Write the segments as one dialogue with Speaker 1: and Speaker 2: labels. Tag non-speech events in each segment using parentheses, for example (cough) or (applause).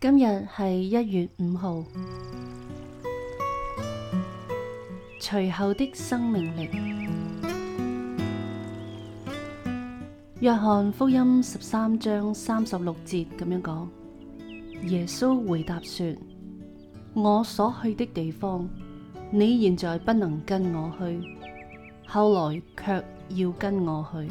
Speaker 1: 今日係一月五號。隨後的生命力，約翰福音十三章三十六節咁樣講：耶穌回答說，我所去的地方，你現在不能跟我去，後來卻要跟我去。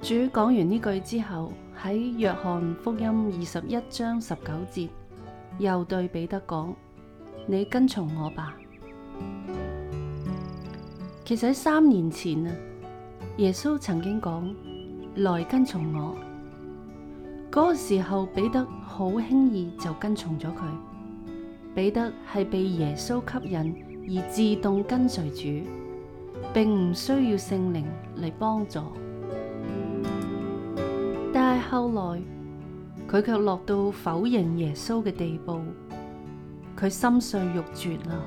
Speaker 1: 主講完呢句之後。喺約翰福音二十一章十九節，又對彼得講：你跟從我吧。其實喺三年前啊，耶穌曾經講：來跟從我。嗰個時候，彼得好輕易就跟從咗佢。彼得係被耶穌吸引而自動跟隨主，並唔需要聖靈嚟幫助。後來佢卻落到否認耶穌嘅地步，佢心碎欲絕啦。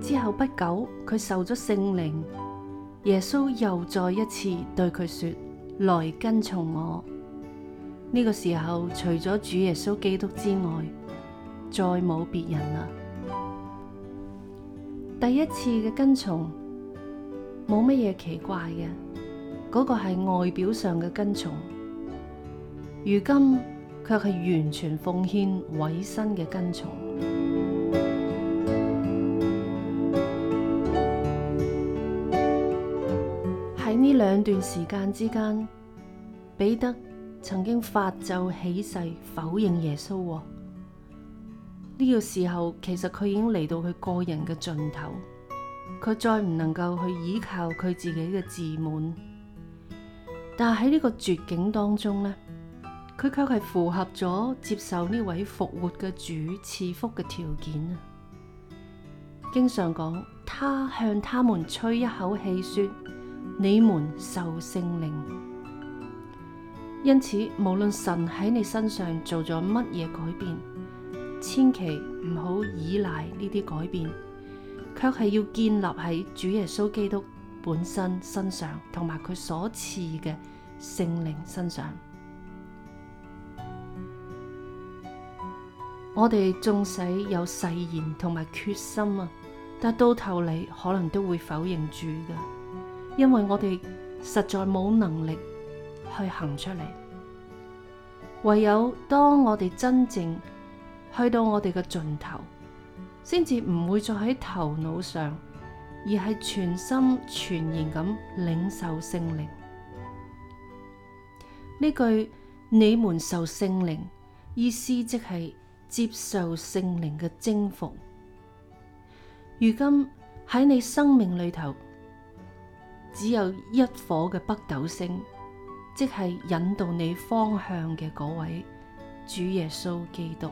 Speaker 1: 之後不久，佢受咗聖靈，耶穌又再一次對佢說：來跟從我。呢個時候，除咗主耶穌基督之外，再冇別人啦。第一次嘅跟從冇乜嘢奇怪嘅。嗰個係外表上嘅跟從，如今卻係完全奉獻委身嘅跟從。喺呢 (noise) 兩段時間之間，彼得曾經發咒起誓否認耶穌、哦。呢、這個時候其實佢已經嚟到佢個人嘅盡頭，佢再唔能夠去倚靠佢自己嘅自滿。但係喺呢個絕境當中咧，佢卻係符合咗接受呢位復活嘅主賜福嘅條件啊！經常講，他向他們吹一口氣，說：你們受聖靈。因此，無論神喺你身上做咗乜嘢改變，千祈唔好依賴呢啲改變，卻係要建立喺主耶穌基督。本身身上，同埋佢所賜嘅聖靈身上， (noise) 我哋縱使有誓言同埋決心啊，但到頭嚟，可能都會否認住嘅，因為我哋實在冇能力去行出嚟，唯有當我哋真正去到我哋嘅盡頭，先至唔會再喺頭腦上。而係全心全然咁領受聖靈，呢句你們受聖靈，意思即係接受聖靈嘅征服。如今喺你生命裏頭，只有一顆嘅北斗星，即係引導你方向嘅嗰位主耶穌基督。